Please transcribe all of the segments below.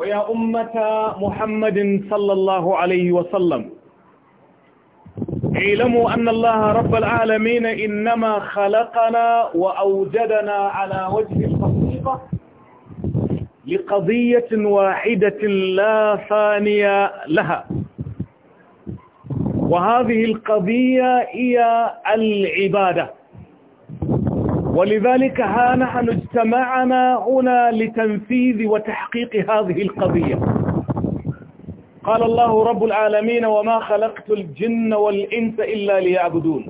ويا أمة محمد صلى الله عليه وسلم اعلموا أن الله رب العالمين إنما خلقنا وأوجدنا على وجه الحقيقة لقضية واحدة لا ثانية لها وهذه القضية هي العبادة ولذلك ها نحن اجتمعنا هنا لتنفيذ وتحقيق هذه القضية قال الله رب العالمين وما خلقت الجن والإنس إلا ليعبدون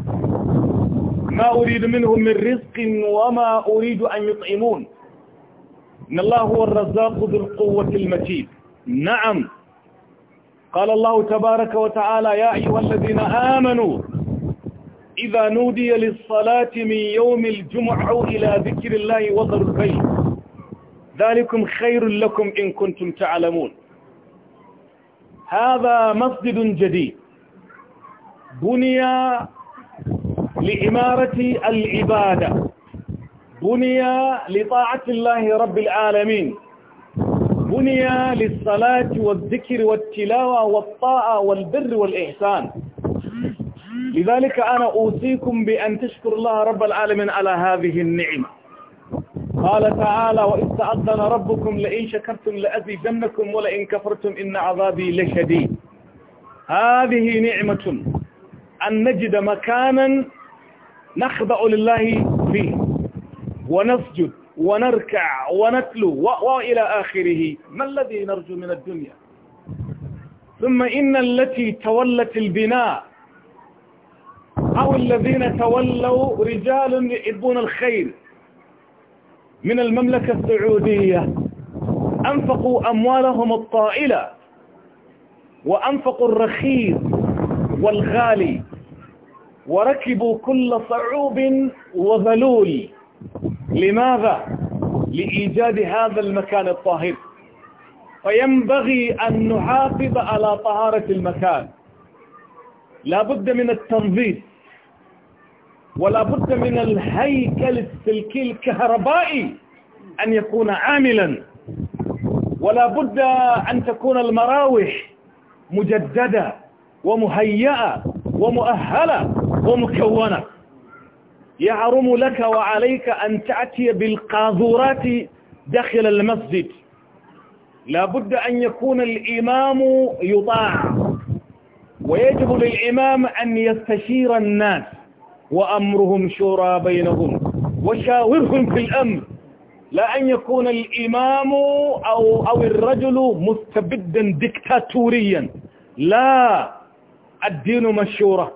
ما أريد منهم من رزق وما أريد أن يطعمون إن الله هو الرزاق ذو القوة المتين نعم قال الله تبارك وتعالى يا أيها الذين آمنوا إذا نودي للصلاة من يوم الجمعة إلى ذكر الله وضر البيت ذلكم خير لكم إن كنتم تعلمون هذا مسجد جديد بني لإمارة العبادة بني لطاعة الله رب العالمين بني للصلاة والذكر والتلاوة والطاعة والبر والإحسان لذلك أنا أوصيكم بأن تشكر الله رب العالمين على هذه النعمة قال تعالى وإذ تأذن ربكم لئن شكرتم لأزيدنكم ولئن كفرتم إن عذابي لشديد هذه نعمة أن نجد مكانا نخضع لله فيه ونسجد ونركع ونتلو وإلى آخره ما الذي نرجو من الدنيا ثم إن التي تولت البناء أو الذين تولوا رجال يحبون الخير من المملكة السعودية أنفقوا أموالهم الطائلة وأنفقوا الرخيص والغالي وركبوا كل صعوب وذلول لماذا؟ لإيجاد هذا المكان الطاهر فينبغي أن نحافظ على طهارة المكان لا بد من التنظيف ولا بد من الهيكل السلكي الكهربائي أن يكون عاملا ولا بد أن تكون المراوح مجددة ومهيئة ومؤهلة ومكونة يعرم لك وعليك أن تأتي بالقاذورات داخل المسجد لابد أن يكون الإمام يطاع ويجب للإمام أن يستشير الناس وأمرهم شورى بينهم وشاورهم في الأمر لا أن يكون الإمام أو, أو الرجل مستبدا دكتاتوريا لا الدين مشورة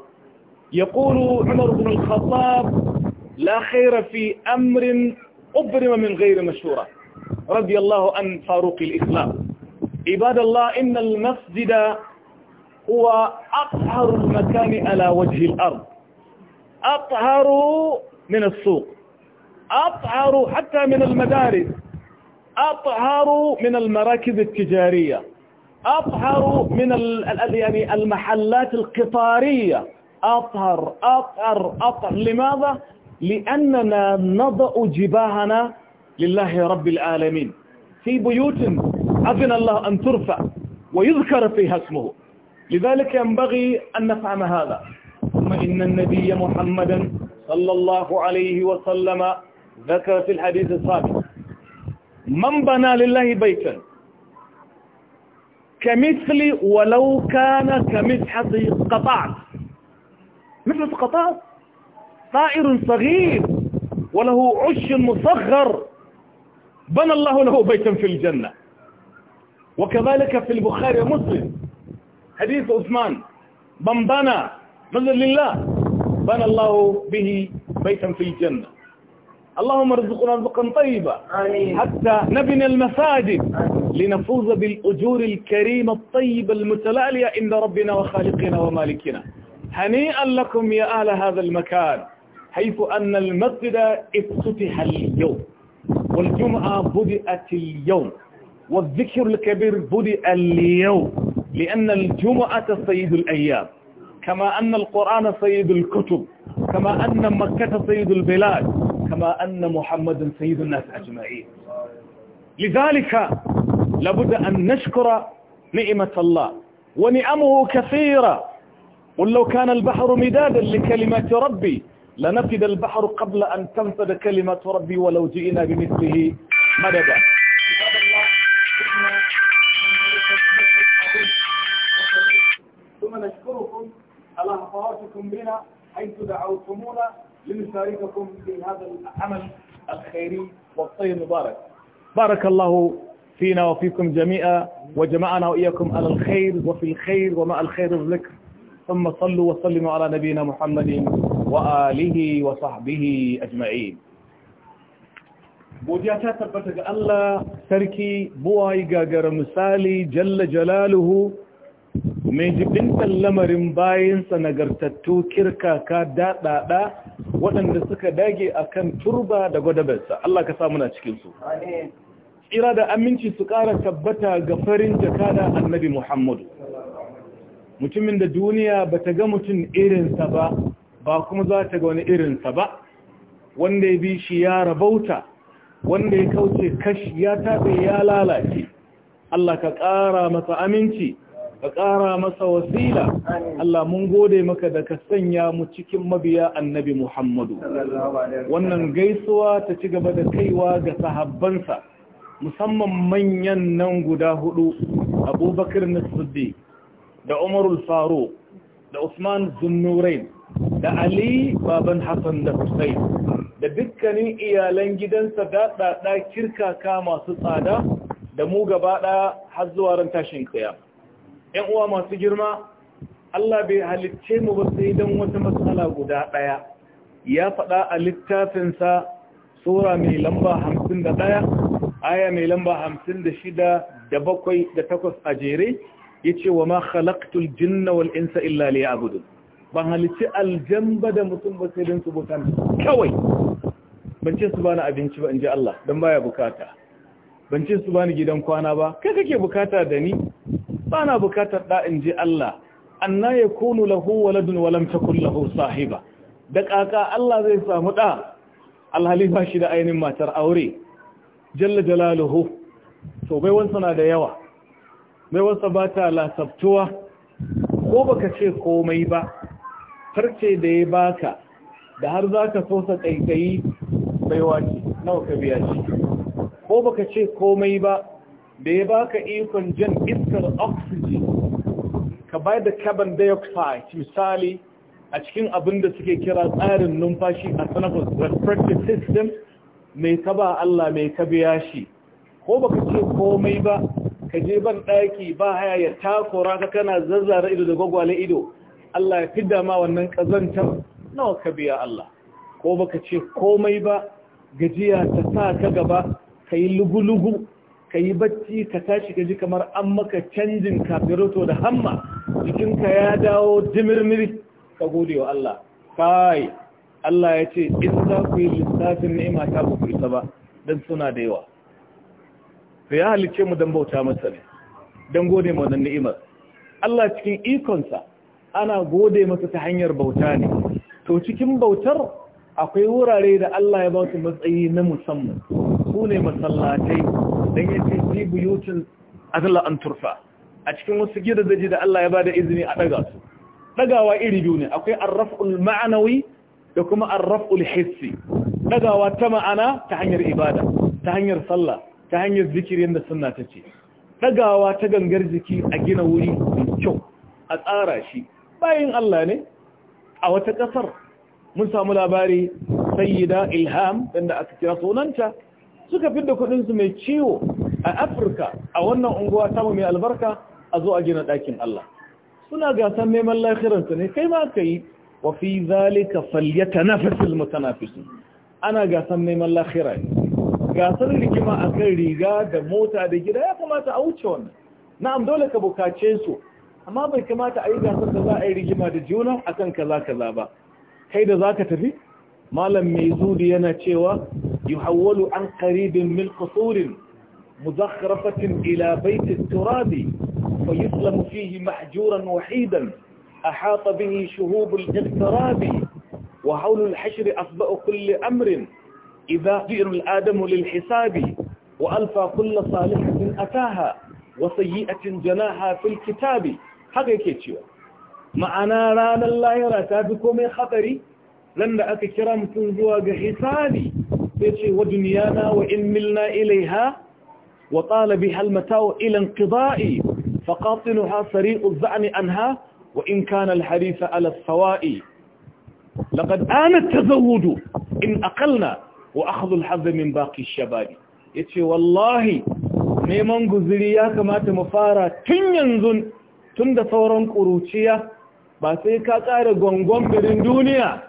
يقول عمر بن الخطاب لا خير في أمر أبرم من غير مشورة رضي الله عن فاروق الإسلام عباد الله إن المسجد هو أطهر المكان على وجه الأرض أطهر من السوق أطهر حتى من المدارس أطهر من المراكز التجارية أطهر من يعني المحلات القطارية أطهر أطهر أطهر لماذا؟ لأننا نضع جباهنا لله رب العالمين في بيوت أذن الله أن ترفع ويذكر فيها اسمه لذلك ينبغي أن نفهم هذا ثم إن النبي محمدا صلى الله عليه وسلم ذكر في الحديث السابق من بنى لله بيتا كمثل ولو كان كمسحة قطعت مثل قطعت طائر صغير وله عش مصغر بنى الله له بيتا في الجنة وكذلك في البخاري ومسلم حديث عثمان من بنى مثل لله بنى الله به بيتا في الجنة اللهم ارزقنا رزقا طيبا حتى نبني المساجد لنفوز بالأجور الكريمة الطيبة المتلالية عند ربنا وخالقنا ومالكنا هنيئا لكم يا أهل هذا المكان حيث أن المسجد افتتح اليوم والجمعة بدأت اليوم والذكر الكبير بدأ اليوم لأن الجمعة سيد الأيام كما أن القرآن سيد الكتب كما أن مكة سيد البلاد كما أن محمد سيد الناس أجمعين لذلك لابد أن نشكر نعمة الله ونعمه كثيرة قل لو كان البحر مدادا لكلمات ربي لنفد البحر قبل أن تنفد كلمة ربي ولو جئنا بمثله مددا أخواتكم بنا حيث دعوتمونا لنشارككم في هذا العمل الخيري والطيب المبارك بارك الله فينا وفيكم جميعا وجمعنا وإياكم على الخير وفي الخير ومع الخير الذكر ثم صلوا وسلموا على نبينا محمد وآله وصحبه أجمعين بوديا ta الله ga Allah sarki مسالي جل جلاله mai jibin lamarin bayan bayansa nagartattu ka daɗaɗa waɗanda suka dage akan turba da gwadabarsa Allah ka samu na cikinsu tsira da aminci su ƙara tabbata ga farin jakada annabi Muhammadu mutumin da duniya ba ta ga mutum irinsa ba ba kuma za ta ga wani irinsa ba wanda ya bi shi ya rabauta wanda ya kauce kashi ya taɓe ya lalace Allah ka ƙara masa aminci ka ƙara masa wasila Allah mun gode maka da ka sanya mu cikin mabiya annabi Muhammadu wannan gaisuwa ta ci gaba da kaiwa ga sahabbansa musamman manyan nan guda hudu abubakar na da umarul faro da usman zunnurain da ali baban hassan da hussein da dukkanin iyalan gidansa daɗaɗa kirkaka masu tsada da mu gaba ɗaya har zuwa ran tashin kiyama ‘yan uwa masu girma Allah bai halicce mu ba sai don wata matsala guda ɗaya ya faɗa a littafinsa sura mai lamba hamsin da ɗaya aya mai lamba hamsin da shida da bakwai da takwas a jere ya ce wa ma halaktul jinna wal insa illa liya abudu ban halicci aljamba da mutum ba sai don su bukan kawai ban ce su bani abinci ba in ji Allah don baya bukata ban ce su bani gidan kwana ba kai kake bukata da ni bana bukatar bukatar in ji Allah anna ya kunu lahu waladun walam takun lahu sahiba da ƙaƙa Allah zai samu ɗa alhali ba shi da ainihin matar aure jalla jalaluhu to bai baiwansa na da yawa baiwansa ba ta lasabtuwa ko baka ce komai ba farce da ya baka da har za ka so sa ƙaiƙayi baiwa nawa ka biya shi ko baka ce komai ba da ya baka ikon jan iskar oxygen ka bai da carbon dioxide misali a cikin abin da suke kira tsarin numfashi a sanafus respiratory system mai kaba Allah mai kabiya shi ko baka ce komai ba ka je ban daki ba haya ya takora ka kana zazzara ido da gwagwale ido Allah ya fidda ma wannan kazantar nawa ka biya Allah ko baka ce komai ba gajiya ta sa ka gaba ka yi lugu-lugu ka yi bacci ka tashi ka ji kamar an maka canjin kafiroto da hamma jikinka ya dawo jimirmiri ka gode wa Allah kai Allah ya ce in za ku yi lissafin ni'ima ta ba ku isa ba don suna da yawa to ya halice mu don bauta masa ne don gode ma wannan ni'imar Allah cikin ikonsa ana gode masa ta hanyar bauta ne to cikin bautar akwai wurare da Allah ya ba su matsayi na musamman su ne masallatai Dan ya ce fi buyutun azala an turfa a cikin wasu gidaje da Allah ya bada izini a daga su dagawa iri biyu ne akwai arraf'ul ma'anawi da kuma arraf'ul hissi dagawa ta ma'ana ta hanyar ibada ta hanyar sallah ta hanyar zikirin da sunna ta ce dagawa ta gangar jiki a gina wuri mai kyau a tsara shi bayan Allah ne a wata kasar mun samu labari sayyida ilham inda aka kira sunanta suka fidda kuɗinsu mai ciwo a afirka a wannan unguwa tamu mai albarka a zo a gina ɗakin Allah suna gasar neman lahiransu ne kai ma ka yi wa fi zalika falyata na fasil mutanafisi ana gasar neman lahira ne gasar rigima a kan riga da mota da gida ya kamata a wuce wannan na'am dole ka bukace su amma bai kamata a yi gasar da za a yi rigima da juna akan kaza kaza ba kai da za ka tafi malam mai zudi yana cewa يحول عن قريب من قصور مزخرفة إلى بيت التراب فيسلم فيه محجورا وحيدا أحاط به شهوب الاغتراب وحول الحشر أصبأ كل أمر إذا قير الآدم للحساب وألفى كل صالحة أتاها وسيئة جناها في الكتاب haka yake معنا رانا الله lahira خطري لن komai hatsari ran da سيتي ودنيانا وإن ملنا إليها وطال بها المتاع إلى انقضاء فقاطنها سريء الزعن أنها وإن كان الحريف على السواء لقد آن التزود إن أقلنا وأخذ الحظ من باقي الشباب يتي والله neman guziri ya تمفارا mu fara tun yanzu tun da sauran ƙuruciya ba دونيا ka ƙara gwangon birin duniya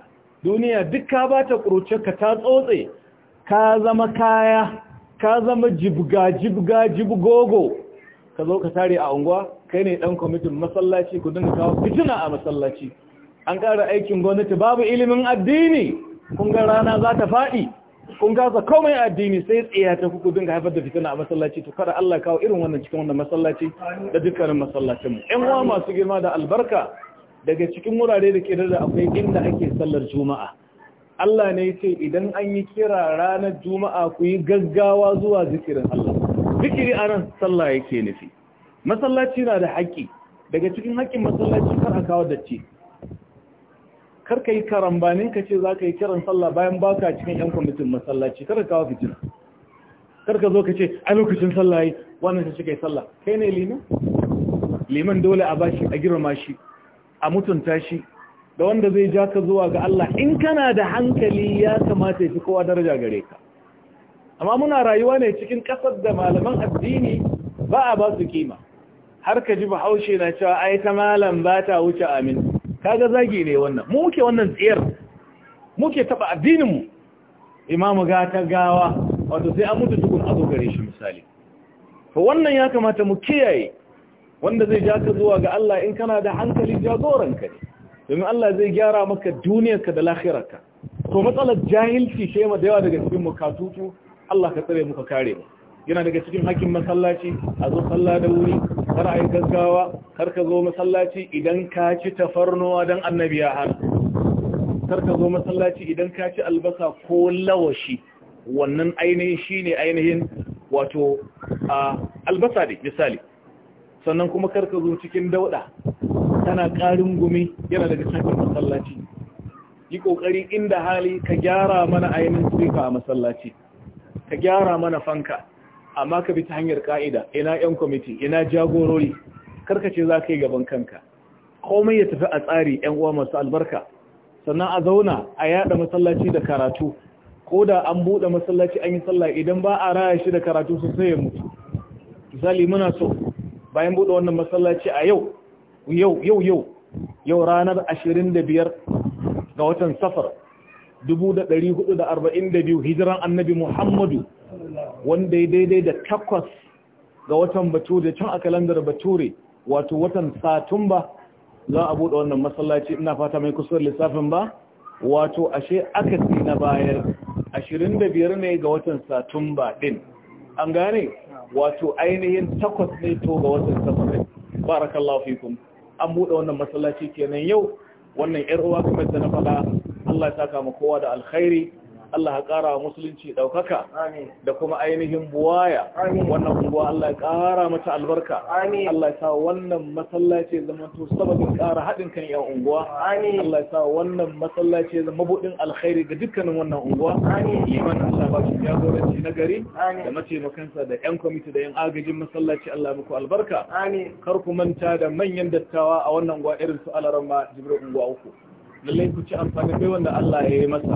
ka zama kaya ka zama jibga jibga jibgogo ka zo ka tare a unguwa kai ne dan kwamitin masallaci ku dinga kawo fitina a masallaci an ƙara aikin gwamnati babu ilimin addini kun ga rana za ta faɗi kun kasa komai addini sai tsaya ta ku dinga haifar da fitina a masallaci to kada Allah kawo irin wannan cikin wannan masallaci da dukkanin masallacin mu ƴan uwa masu girma da albarka daga cikin wurare da ke da akwai inda ake sallar juma'a Allah ne ce idan an yi kira ranar juma'a ku yi gaggawa zuwa zikirin Allah zikiri a nan sallah yake nufi masallaci na da haƙƙi daga cikin haƙƙin masallaci kar a kawo datti kar ka yi karambanin ka ce za ka yi kiran sallah bayan ba ka cikin yan kwamitin masallaci kar ka kawo fitina kar ka zo ka ce a lokacin sallah yi wannan ta cika yi sallah kai ne liman liman dole a bashi a girma shi a mutunta shi da wanda zai ja ka zuwa ga Allah in kana da hankali ya kamata ya fi kowa daraja gare ka amma muna rayuwa ne cikin kasar da malaman addini ba a ba su kima har ka ji bahaushe na cewa ai ta malam ba ta wuce amin kaga zagi ne wannan mu muke wannan tsiyar muke taba addinin mu imamu ga ta gawa wato sai an mutu tukun azo gare shi misali to wannan ya kamata mu kiyaye wanda zai ja ka zuwa ga Allah in kana da hankali jagoranka ne domin Allah zai gyara maka duniyarka da lahirarka to matsalar jahilci ce da yawa daga cikin mukatutu Allah ka tsare muka kare mu yana daga cikin hakkin masallaci a zo sallah da wuri kar a gaggawa kar ka zo masallaci idan ka ci tafarnuwa dan annabi ya hana kar ka zo masallaci idan ka ci albasa ko lawashi wannan ainihin shine ainihin wato albasa ne misali sannan kuma kar ka zo cikin dauda tana ƙarin gumi yana daga cikin masallaci yi ƙoƙari inda hali ka gyara mana ainihin sirika a masallaci ka gyara mana fanka amma ka bi ta hanyar ƙa'ida. ina 'yan kwamiti ina jagorori karkace za ka yi gaban kanka komai ya tafi a tsari 'yan uwa masu albarka sannan a zauna a yada masallaci da karatu ko da an buɗe masallaci an yi sallah idan ba a raya shi da karatu sosai ya mutu misali muna so bayan buɗe wannan masallaci a yau yau yau yau yau ranar 25 ga watan safar 1442 hijiran annabi Muhammadu wanda ya daidai da takwas ga watan bature can a kalandar bature wato watan satumba za a buɗe wannan masallaci ina fata mai kusur lissafin ba wato ashe aka akasi na bayar 25 ne ga watan satumba din an gane wato ainihin takwas ne to ga watan safar barakallahu fikum an buɗe wannan masallaci kenan yau wannan yar uwa kamar da na faɗa Allah ya saka mu kowa da alkhairi Allah ya ƙara musulunci ɗaukaka da kuma ainihin buwaya wannan unguwa Allah ya ƙara mata albarka Allah ya sa wannan masallaci zama to sababin ƙara haɗin kan yan unguwa Allah ya sa wannan masallaci zama buɗin alkhairi ga dukkanin wannan unguwa liman Allah ba shi jagoranci na gari da mace mataimakansa da yan kwamiti da yan agajin masallaci Allah muku albarka kar ku manta da manyan dattawa a wannan unguwa irin su Alarama Jibril unguwa uku lallai ku ci amfani bai wanda Allah ya yi masa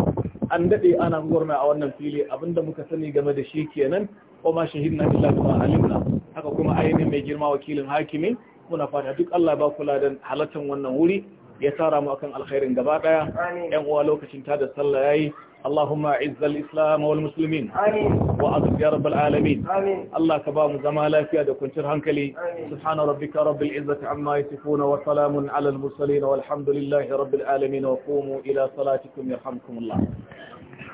an daɗe ana gwarna a wannan fili abinda muka sani game da shi kenan ko ma na illa kuma alimna haka kuma ainihin mai girma wakilin hakimi muna fata duk Allah ba kula da halattan wannan wuri ya tara mu akan alkhairin gaba daya yan uwa lokacin ta da sallah yayi اللهم اعز الإسلام والمسلمين وأغف يا رب العالمين الله كباب زمالا في هذا كنت هنكلي سبحان ربك رب العزة عما يصفون وسلام على المرسلين والحمد لله رب العالمين وقوموا إلى صلاتكم يرحمكم الله